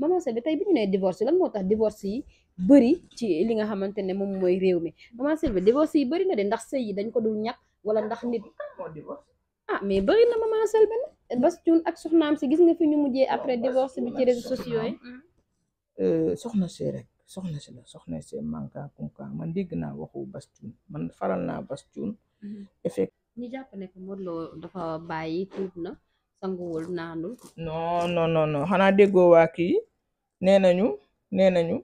mama Selbé tey bi ñu nee divorce lan motax divorce yi bëri ci li nga xamantene mom moy mooy réew mi maman Selbé divorce yi bëri na de ndax sey yi dañ ko dul ñak wala ndax nit ah mais bëri na maman Selbé ne bas tun ak soxnam ci gis nga fi ñu mujjé après divorce bi ci réseaux sociaux yi euh, soxna sey rek soxna sey la soxna sey manka ka man dégg na waxu bas tun man faral na bas cuun effet mhm. ñu jàpp ne que modlo dafa bayyi tout na sanguwul naanul. non non xanaa déggoo waa kii nee nañu nee nañu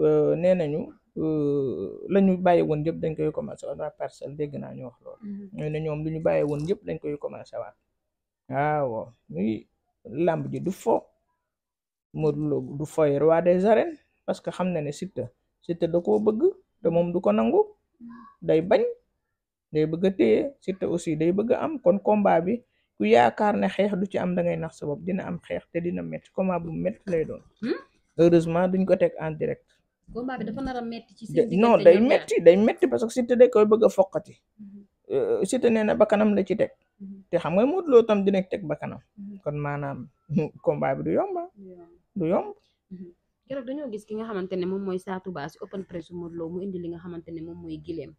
euh, nee nañu euh, la ñu bàyyi woon yëpp dañ koy commencé waat waa parcelle dégg naa ñu wax loolu. Mhm. ñoo ne ñoom lu ñu bàyyi woon yëpp dañ koy commencé waa ah, waaw muy làmb ji du fo Modou Lo du foy waa des arènes parce que xam na ne Siteu Siteu da koo bëgg te moom du ko nangu mhm. day bañ day bëgg a téye Siteu aussi day bëgg am kon combat bi. ku yaakaar ne xeex du ci am da ngay nax sa bopp dina am xeex te dina métti combat bu métti lay doon. Hmm? heureusement duñ ko teg en direct. a ci seen day métti day métti parce que Siteu da koy bëgg a foqati. Hmm. Euh, Siteu nee na bakkanam la ci teg. Hmm. te xam nga Modou loo tam dina teg bakkanam. kon maanaam combat bi du yomba ah. du yomb. keroog dañoo gis ki nga xamante ne moom mooy Sa Touba si open press Modou Lo mu indi li nga xamante ne moom mooy gileem.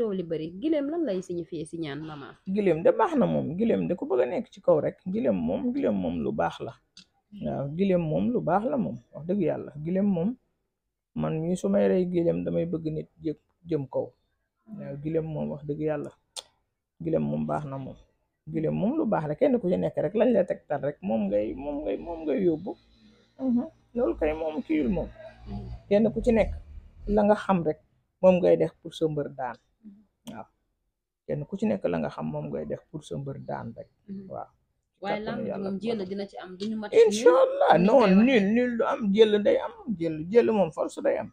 coow bari gilem lan lay signifier ci ñaan mama gilem de baxna mom gilem de ko bëgg nekk ci kaw rek Gilem mom, Gilem mom lu bax la waaw gilem mom lu bax la mom wax deug yalla gilem mom man mii su may rey gileem damay bëgg nit jë jëm kaw waaw gilem mom wax deug yalla gilem mom baxna mom gilem mom lu bax la kenn ku ci nekk rek lañ la tar rek mom ngay mom ngay mom ngay yóbbu mhm. loolu kay mom kiil mom mm. kenn ku ci nekk la nga xam rek mom ngay def pour sa daan waaw kenn ku ci nekk la nga xam moom ngay def pour sa mbër daan rek waaw waaye lamb ji moom jël dina ci am duñu mat incha allah non nul nul du am jël day am jël jël moom force day am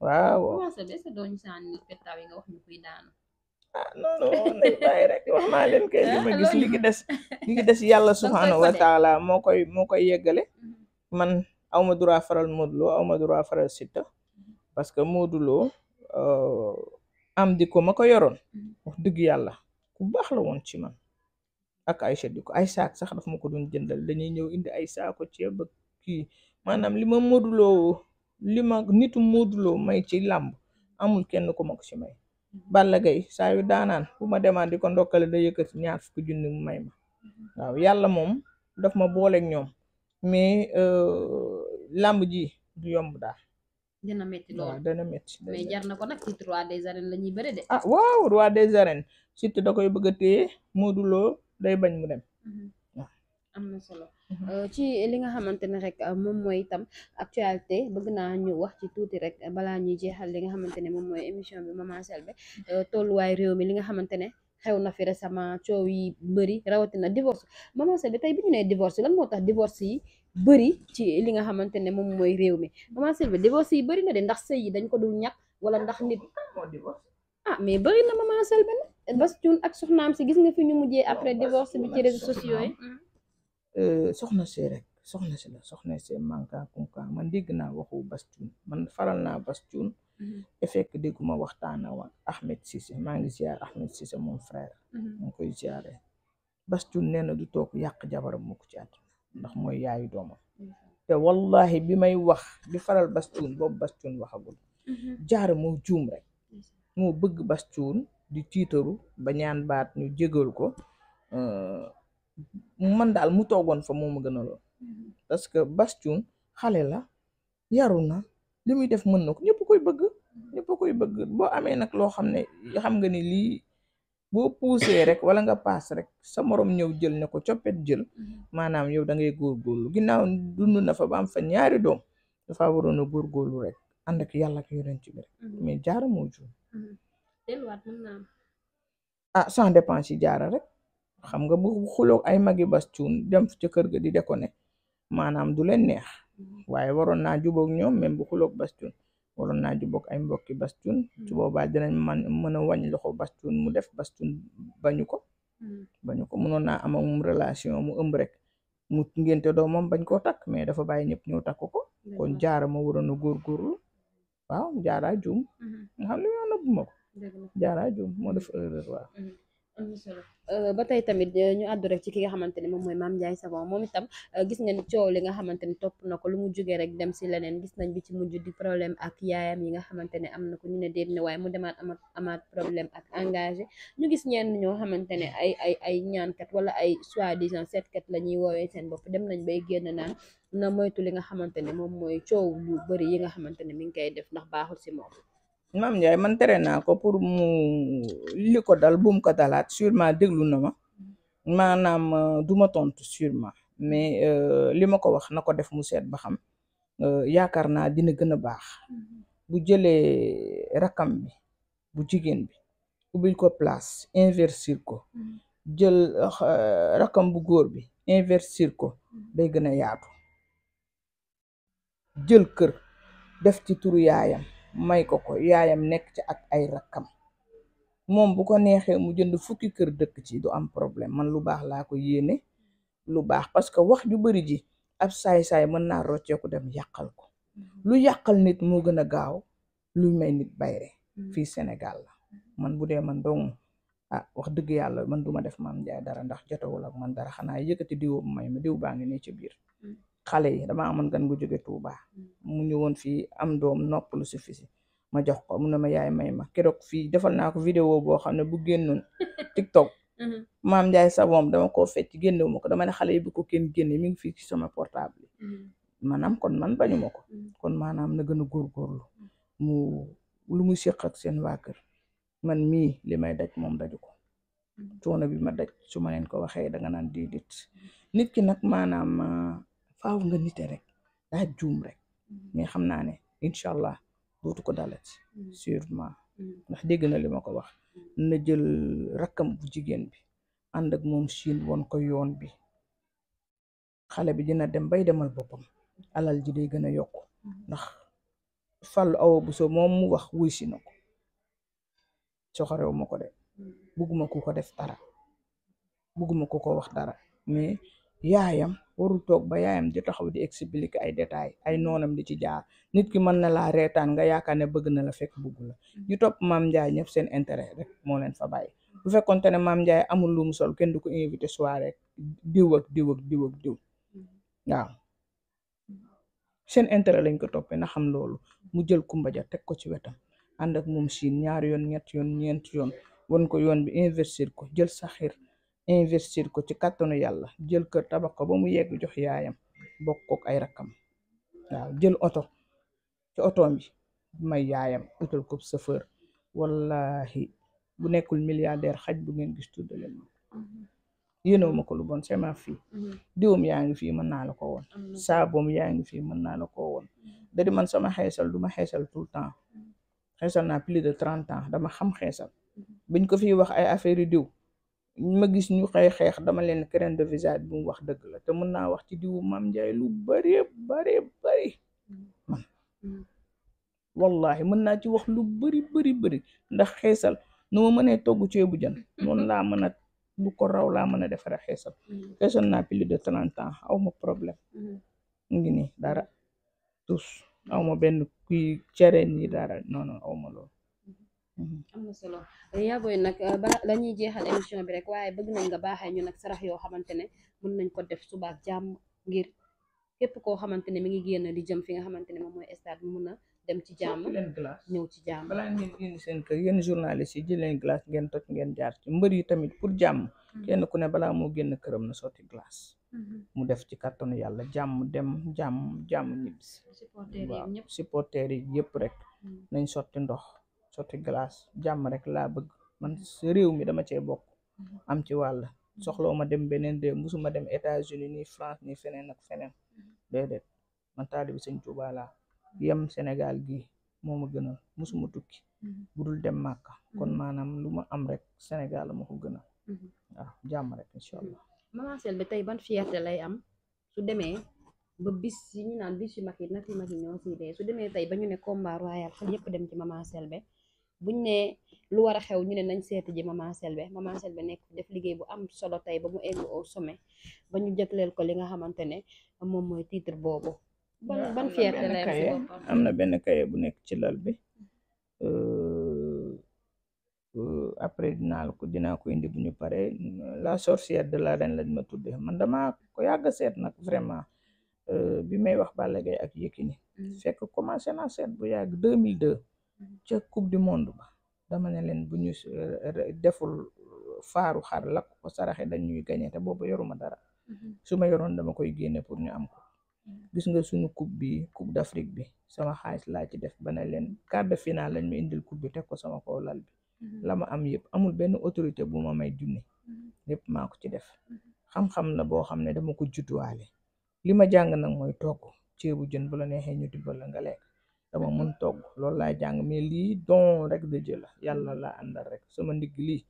waaw sa doñu ni yi nga wax ah non non nañ bàyyi rek wax naa leen kay li ma gis li ki dess li ki dess yalla subhanahu wa eh? taala mo koy mo koy yeggale man awma droit faral Modou awma droit faral sita mm-hmm. parce que Modou euh am di ko ma ko yoroon mm-hmm. wax dëgg yàlla ku baax la woon ci man ak Aïcha di ko ay saak sax daf ma ko doon jëndal dañuy ñëw indi ay saako ceeb ak kii maanaam li ma moduloo li ma nitu moduloo may ci làmb amul kenn ku ma ko ci may mm-hmm. Balla Gaye saa daanaan ku ma demaandi ko ndokkale da yëkkati ñaar fukki junni mu may ma mm-hmm. waaw yàlla moom daf ma booleeg ñoom mais euh, làmb ji du yomb daal dina métti lool dana métti mais jar na ko nag titre roi des arènes la ñuy bëri ah waaw roi des arènes surtout da koy bëgg a téye Lo day bañ mu dem am na solo ci li rek moom mooy itam actualité bëgg naa ñu wax ci tuuti rek balaa ñuy li nga xamante ne moom émission bi Mama Selbé tolluwaay réew mi li nga xamante ne fi récemment yi bëri divorce Mama selbe tey bi divorce lan moo divorce yi bari ci li nga xamantene mom moy rew mi maman Sylvie divorce yi bari na de ndax sey yi dañ ko dul ñak wala ndax nit ah mais bari na maman Sylvie nag bas cuun ak soxnam ci gis nga fi ñu mujjé après divorce bi ci réseaux sociaux yi euh soxna ci rek soxna ci la soxna ci manka kunka man dig na waxu bas cuun man faral na bas cuun te mhm. fekk dégguma waxtaana wa Ahmed Cissé maa ngi ziar Ahmed Cissé mon frère mon mhm. koy ziaré bas cuun nee du tok yak jabaram moko ci àdduna ndax mooy yaayu doomam te wallahi bi may wax di faral bastuun boobu bastuun waxagul mm-hmm. jaara moo juum rek moo bëgg bastuun di tiitaru ba ñaan baat ñu jégal ko man daal mu toogoon fa moom ma a lool mm-hmm. parce que bastuun xale la yaru na li muy def mën na ko ñëpp koy bëgg mm-hmm. ñëpp koy bëgg boo amee nag loo xam ne xam nga ni lii bo poussé rek wala nga pass rek sa morom ñew jël ne ko coppet jël mhm. manam yow da ngay góorgóorlu ginaaw dundu na fa ba am fa ñaari doom dafa gor rek Anda ak yalla ak yoonent bi rek mhm. mais jaara moo mhm. na ah sans dépense yi jaara rek xam nga bu xulo ay magi bas cuun dem ci kër ga di de manam du len neex waye waron na ñom même bu xulo bas waroon naa jubóog ay mbokki Bastoun hmm. su boobaa dinañ man mën a wàññi loxo Bastoun mu def Bastoun bañu ko hmm. bañu ko mënoon naa am ak moom relation mu ëmb rek mu ngénte doomam bañ koo takk mais dafa bàyyi ñëpp ñëw tak ko kon jaara ma waroon a góorgóorlu waaw jaara juum nga xam ne yow nëbbu ko jaara juum moo def erreur waaw hmm. Euh, ba tey tamit euh, ñu àddu rek ci ki nga xamante ne moom mooy Mame Ndiaye Savon moom itam euh, gis ngeen coow li nga xamante ne topp na ko lu mu jógee rek dem si leneen gis nañ bi ci mujj di problème ak yaayam yi nga xamante ne am na ko ñu ne déet ne waaye mu demaat amaat amaat problème ak engagé ñu gis ñenn ñoo xamante ne ay ay ay ñaankat wala ay soi-disant seetkat la ñuy woowee seen bopp dem nañ bay génn naan na moytu li nga xamante ne moom mooy coow lu bëri yi nga xamante ne mi ngi koy def ndax baaxul si moom maam Ndiaye man tere naa ko pour mu li ko dal buum ko dalaat sûrement déglu na ma maanaam euh, du ma tontu sûrement mais euh, li ma ko wax na ko def mu seet ba xam euh, yaakaar naa dina gën a baax bu jëlee rakam bi bu jigéen bi ubbil ko place investir ko jël rakam bu góor bi investir ko day gën a yaatu jël kër def ci turu yaayam may ko ko yaayam nekk ci ak ay rakam mom bu ko nexé mu jënd fukki kër dëkk ci du am problème man lu bax la ko yéné lu bax parce que wax ju bari ji ab saay-saay mën naa ko dem yakal ko lu yakal nit mo gëna gaaw lu may nit bayré mm-hmm. fi Sénégal la man bu dé man dong ah wax dëgg yalla man duma def mam jaay dara ndax jottawul ak man dara xana yëkëti diiw may ma diiw baangi ci biir mm-hmm xalé yi dama amone gan gu joge Touba hmm. mu won fi am doom noppalu si fi ma jox ko mu ne ma yaay may ma keroog defal vidéo bo bu TikTok hmm. maam sa bom dama ko fecc génnewu ma ko dama ne xalé yi bu ko kenn genn mi ngi fi ci sama portable manam hmm. kon man bañu kon manam na gën gor góorgóorlu mu lu mu séq ak seen wa kër man mi limay daj mom daju ko coono bi ma daj suma ma ko waxe da nga nit ki faaw nga nite rek daa juum rek mm-hmm. mais xam naa ne incha allah dootu ko dalet mm-hmm. sûrement mm-hmm. ndax dégg na li ma ko wax na jël rakkam bu jigéen bi ànd ak moom Chine woon ko yoon bi xale bi dina dem bay demal boppam alal ji day gën a yokku ndax fal awo bu so moom mu wax wuy si na ko soxorew ma ko de bugguma ku ko def dara bugguma ku ko wax dara yaayam waru toog ba yaayam di taxaw di expliquer ay détails ay noonam di ci jaar nit ki mën na laa reetaan nga yaakaar ne bëgg na la fekk bëggu la ñu topp maam Ndiaye ñëpp seen intérêt rek moo leen fa bàyyi bu fekkonte ne maam Ndiaye amul lu mu sol kenn du ko invité soirée diw ak diw ak diw ak diw waaw seen intérêt lañ ko toppee na xam loolu mu jël Kumba ja teg ko ci wetam ànd ak moom siin ñaar yoon ñett yoon ñeent yoon won ko yoon bi investir ko jël sa xir investir ko ci kàttanu yàlla jël ko tabax ko ba mu yegg jox yaayam bokkook ay rakam waaw jël auto ci auto mi may yaayam utal ko chauffeur wallahi bu nekkul milliardaire xaj bu ngeen gis tudde len yeno mako lu bon c'est ma fii diwum yaangi fi man na la ko won sa bom yaangi fi man na la ko won da di man sama xéssal duma xéssal tout temps xéssal na plus de 30 ans dama xam xéssal buñ ko fi wax ay affaire diw ma gis ñu xeex xeex dama leen crème de visage bu wax dëgg la te mën naa wax ci diwu mam Njaay lu bare bare bari wallahi mën naa ci wax lu bari bari bari ndax xeesal nu ma mënee togg bu jën noonu laa mën a lu ko raw laa mën a defare xeesal xeesal naa plus de 30 ans aw ma problème ngi nii dara tous aw ma benn kuy cere ni dara non non aw ma loolu solo yaa booy nag eh, bala lañuy jéxal émission bi rek waye bëgg nañ nga baaxee ñu nak sarax yo xamantene mën nañ ko def suba jam ngir képp ko xamantene mi ngi génn di jëm fi nga xamantene ne moy mooy stade mu mëna dem ci jam ñëw ci jam bala ngeen génn seen kër yeen journaliste yi jël leen glace ngeen tok ngeen jaar ci mbeur yi tamit pour jam mm-hmm. kenn ku ne bala mo génn kërëm na soti glace mm-hmm. mu def ci carton yalla jam dem jam jam jàmm jàmm yi ñep supporter yi yep rek mm-hmm. nañ soti ndox soti glace jam rek la bëgg man réew mi dama cey bok am ci soxlo ma dem benen réew musuma dem États-Unis ni France ni fenen ak fenen déedéet man taalibi seigne touba la yam Sénégal gi moma gëna musuma tukki budul dem makka kon manam luma am rek Sénégal mako gëna gënal jam rek inshallah mama sel betay ban fierté lay am su démé ba bis yi ñu naan bis yu mag yi nati mag ñoo si dé su démé tay ba ñu ne combat royal xal yépp dem ci mama buñ né lu wara xew ñu né nañ seeti ji maman Selbé maman Selbé nekk def liggéey bu am solo tay ba mu égg au sommet ba ñu jëgleel ko li nga xamante ne moom titre bobu ban ban fiété lay amna na benn kaye bu nek ci lal bi mm-hmm. euh, euh, après dina ko dina ko indi bu ñu la sorcière de reine lañ ma tuddé man dama ko yàgg sét nak mm-hmm. vraiment euh, bi may wax Balla ak Yékini mm-hmm. fekk commencé na sét bu yàgg 2002 ca coupe du monde ba dama ne leen bu ñu eh, eh, deful faaru xar lakk ko saraxe dañuy gañe te boobu yoruma dara mm-hmm. su ma yoroon dama koy génne pour ñu am ko mm-hmm. gis nga suñu coupe bi coupe d'Afrique bi sama xaalis laa ci def ba ne leen quart de finale lañ indil coupe bi teg ko sama kaw lal bi mm-hmm. la ma am yëpp amul benn autorité bu ma may junni yëpp maa ko ci def xam-xam la boo xam ne dama ko judduwaale li ma jàng nag mooy togg ceebu jën bu la neexee ñu tibbal la nga lekk dama mun togg loolu laa jàng mais lii don rek de jël yàlla la àndal rek sama ndigg lii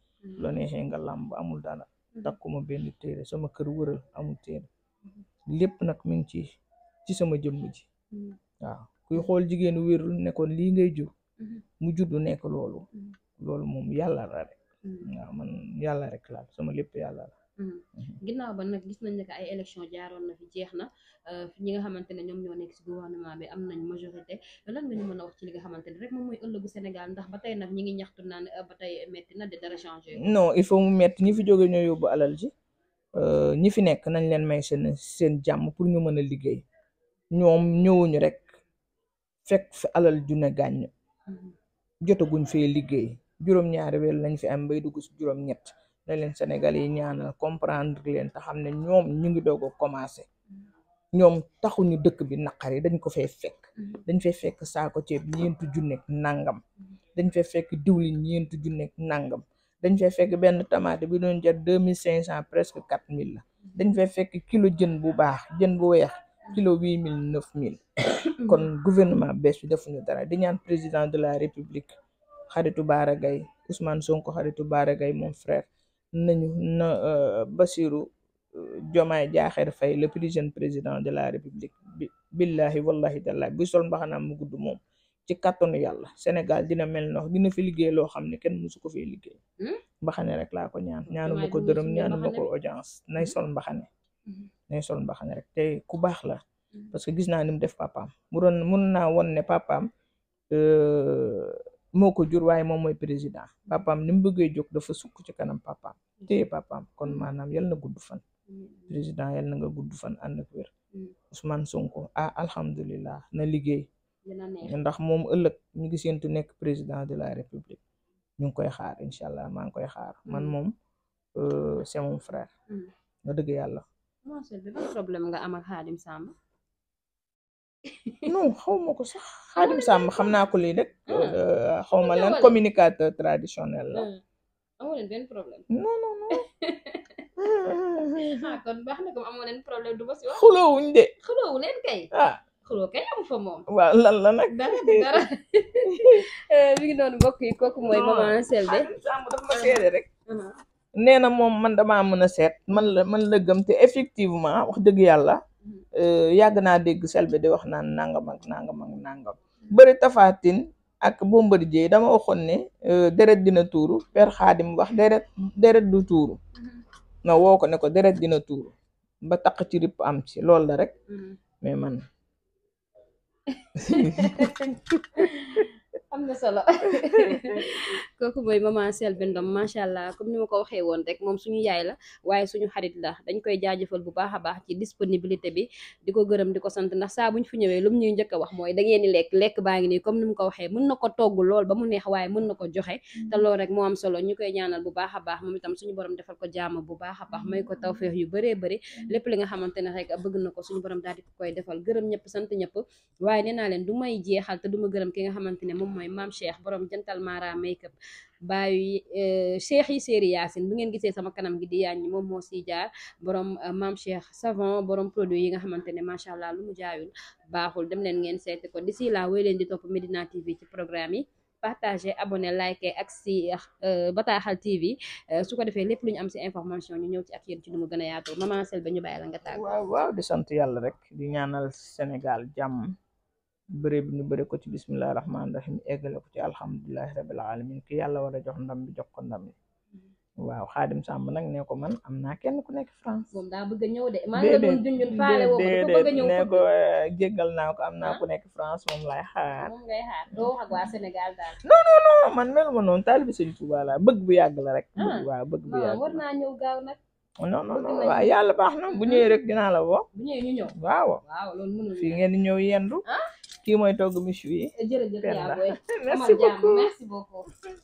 loo hmm. neexee nga làmb amul dara hmm. takkuma benn téere sama kër wëral amul téere hmm. lépp nag mi ngi ci ci sama jëmm ji waaw kuy xool jigéenu wérul nekkoon lii ngay jur mu juddu nekk loolu loolu moom yàlla la rek waaw yàlla rek sama lépp yàlla la Mm-hmm. ginnaaw ba nag gis nañ ne ay élection jaaroon na fi jeex na euh, ñi nga xamante ne ñoom ñoo nekk si gouvernement yi am nañ majorité lan nga ñu mën a wax ci li nga xamante ne rek moom mooy ëllëgu Sénégal ndax ba nag ñi ngi ñaxtu naan euh, ba tey metti na de dara changé. non mu metti ñi fi jóge ñoo yóbbu alal ji euh, ñi fi nekk nañ leen may seen seen jàmm pour ñu mën a liggéey ñoom ñëwuñu rek fekk fi alal ju ne gàññ mm-hmm. jotaguñ fee liggéey juróom-ñaari weer lañ fi am bay dugg si juróom-ñett. ne leen sénégal yi ñaanal comprendre len ta xamne ñom ñu ngi dogo a ñom taxu ñu dëkk bi naqari dañ ko fay fekk dañ fay fekk saako ceeb ñeenti junneeg nangam dañ fay fekk diwlin ñeenti junneeg nangam dañ fay fekk benn tomate bi doon jar 2500 presque 4000 la dañ fay fekk kilo jën bu baax jën bu weex kilo 8000 9000. kon gouvernement bes bi ñu dara di ñaan président de la république xaritu Bara Ousmane Sonko xaritu Bara mon frère nañu na euh, Bassirou euh, Diomaye Diakhar Faye le plus jeune président de la république bi billahi wallahi taala bi mbaxanaam mu gudd moom ci kàttanu yàlla Sénégal dina mel nox dina fi liggéey loo xam ne kenn musu ko fee liggéey hmm? mbaxane rek laa ko ñaan ñaanu ma ko dërëm ñaanu ko audience nay sol mbaxane hmm. nay sol mbaxane rek te ku baax la hmm. parce que gis naa ni def papaam mu mun naa won ne papaam euh, moo ko jur waaye moom mooy président papaam ni mu bëggee jóg dafa sukk ci kanam papaam téye papaam kon maanaam yel na gudd fan président yal na nga gudd fan ànd ak wér mm. Ousmane Sonko ah alhamdulilah na liggéey ndax moom ëllëg ñu ngi séentu nekk président de la république ñu koy xaar incha allah maa ngi koy xaar man mm. moom euh, c'est mon frère. nga mm. dëgg yàlla. non xaw ko sax xaadim sàmm xam naa ko lii rek ah. euh, euh, xaw ma lan communicateur traditionnel la euh, amoo leen benn ah, na comme amoo leen problème du ma si wax de xuloowu leen kay ah kay am fa moom waaw lan la nag dara dara mi ngi noonu mbokk yi kooku mooy maman ma ah. seede rek nee na moom man damaa mën a seet man la man la gëm te effectivement wax dëgg yàlla Euh, yàgg naa dégg Selbé di wax naan nangam ak nangam ak nangam bëri tafaatin ak Bombardier dama waxoon ne euh, deret dina tuuru Père Xaadim wax deret deret du tuuru na woo ko ne ko deret dina tuuru ba taq ci ripp am ci lool la rek mm-hmm. mais man am na solo kooku mooy maman Selbé Ndom macha allah comme ni ma ko waxee woon rek moom suñu yaay la waaye suñu xarit la dañ koy jaajëfal bu baax a baax ci disponibilité bi di ko gërëm di ko sant ndax saa buñ fi ñëwee lu mu ñuy wax mooy da ngeen di lekk lekk baa ngi nii comme ni mu ko waxee mën na ko togg lool ba mu neex waaye mën na ko joxe mm. ñu koy ñaanal bu baax a baax moom itam suñu borom defal ko jaama bu baax a baax may ko tawféex yu bëree bëri mm. lépp li nga xamante ne rek bëgg na ko su ñu borom daal di ko koy defal gërëm ñëpp sant ñëpp waaye nee leen du jeexal te du gërëm ki nga xamante mom moy mam Cheikh borom jantal Mara makeup baayu euh, Cheikh yi seri Yacine bu ngeen gisee sama kanam gi di yañ mom mo si jaar borom euh, Mam Cheikh savon borom produit yi nga xamantene ne macha allah lu mu jaayul baxul dem len ngeen sété ko d'ici là way len di top Medina TV ci programme yi. partager abonner liker ak si euh, TV su ko defé lepp lu am ci information ñu ñew ci ak yeen ci numu gëna yaatu maman ñu bayal nga waaw waaw di sant yalla rek di ñaanal Senegal Jam bi ñu bëri ko ci bismillahi rahmaani rahim eggale ko ci alhamdulilahi rabbil alamin ki yalla wara jox ndam bi jox ko ndam li waaw xadim sam nak ne ko man amna kenn ku nekk France mom da bëgg ñëw de maa nga doon junjun faalé wo ko bëgg a ñëw ne ko eh, jéggal na ko amna ah. ku nekk France mom lay xaar mom ngay xaar do wax ak wa Sénégal daal non non non man mel ma non talib sëñ Tuubaa la bëgg bu yag la rek ah. waaw bëgg bu yag war na ñëw gaaw nag non non non waaw yalla baxna bu ñëw rek dina la wo bu ñëw ñu ñëw waaw waaw loolu mënu fi ngeen ñëw yendu ah. kii mooy togg michu yi. Eh, jërëjëf yaa eh, booy merci beaucoup